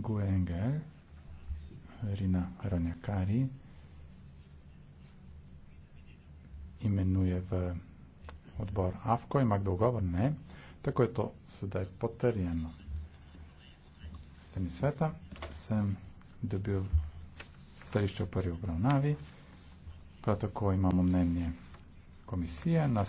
Guengel, Rina Ranjakari, imenuje v odbor AFKO, ima kdo govor? Ne. Tako je to sedaj potrjeno. Strani sveta sem dobil stališče v prvi obravnavi, prav tako imamo mnenje komisije, nas